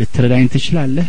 ልትረዳኝ ትችላለህ